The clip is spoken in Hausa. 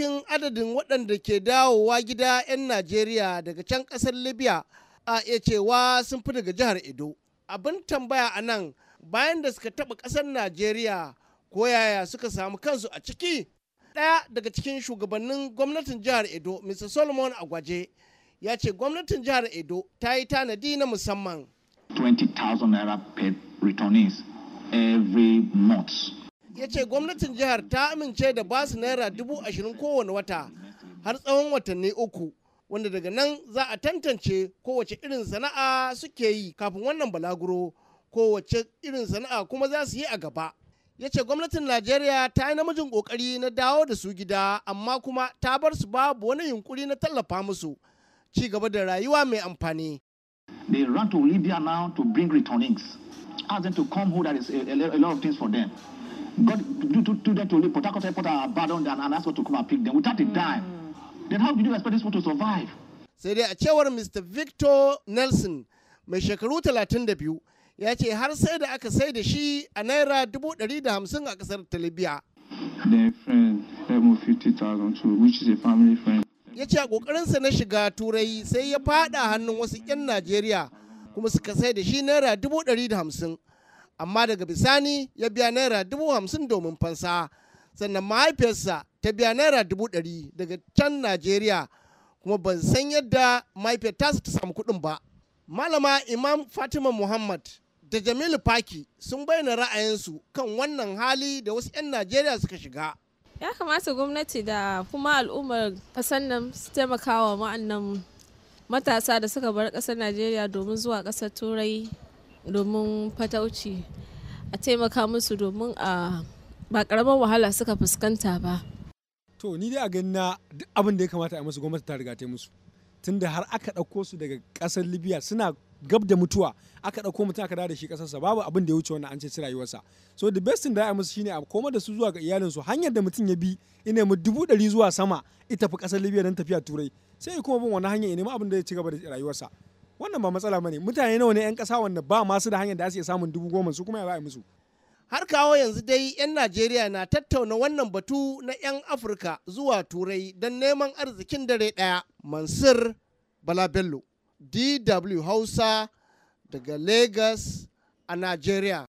cikin adadin waɗanda ke dawowa gida 'yan najeriya daga can ƙasar libya a iya cewa sun fi daga jihar edo abin tambaya a nan bayan da suka taɓa ƙasar najeriya ko yaya suka samu kansu a ciki ɗaya daga cikin shugabannin gwamnatin jihar edo mr solomon agwaje ya ce gwamnatin jihar edo ta yi tanadi na musamman 20,000 naira paid every month ya ce gwamnatin jihar ta amince da basu naira dubu ashirin kowane wata har tsawon watanni uku wanda daga nan za a tantance kowace irin sana'a suke yi kafin wannan balaguro kowace irin sana'a kuma za su yi a gaba ya ce gwamnatin najeriya ta yi namijin kokari na dawo da su gida amma kuma ta bar su babu wani yunkuri na tallafa musu ci gaba da rayuwa mai amfani they run to libya now to bring returnings ask them to a, a, a lot of things for them God do, do, do that to Port Harcourt Airport are abandoned and, and asked us to come and pick them without a hmm. dime. Then how do you expect this one to survive? Sai dai a cewar Mr. Victor Nelson mai shekaru 32 ya ce har sai da aka sai da shi a naira 150 a kasar Talibiya. Their friend left me 50,000 too, which is a family friend. Ya ce a ƙoƙarinsa na shiga Turai sai ya faɗa hannun wasu 'yan Najeriya kuma suka sai da shi naira 150. amma daga bisani ya biya naira dubu hamsin domin fansa sannan mahaifiyarsa ta biya naira dubu ɗari daga can najeriya kuma ban san yadda mahaifiyar ta samu kuɗin ba malama imam fatima muhammad da jamilu paki sun bayyana ra'ayinsu kan wannan hali da wasu 'yan najeriya suka shiga ya kamata gwamnati da kuma al'ummar ƙasar nan su taimaka wa matasa da suka bar ƙasar najeriya domin zuwa kasar turai domin fatauci a taimaka musu domin a ba karamar wahala suka fuskanta ba to ni dai a gani na duk abin da ya kamata a musu gwamnati ta riga ta musu tunda har aka ɗauko su daga ƙasar libya suna gab da mutuwa aka ɗauko mutum aka da shi ƙasarsa babu abin da ya wuce wannan an ceci rayuwarsa so the best thing da ya musu shine a koma da su zuwa ga iyalinsu hanyar da mutum ya bi ina mu dubu ɗari zuwa sama ita fi ƙasar libya don tafiya turai sai kuma bin wani hanyar ya nemi abin da ya ci gaba da rayuwarsa wannan ba matsala bane mutane nawa ne yan kasa wanda ba masu da hanyar da ake samun dubu goma su kuma ya ba musu har kawo yanzu dai 'yan najeriya na tattauna wannan batu na 'yan afirka zuwa turai don neman arzikin dare ɗaya mansur balabello dw hausa daga lagos a najeriya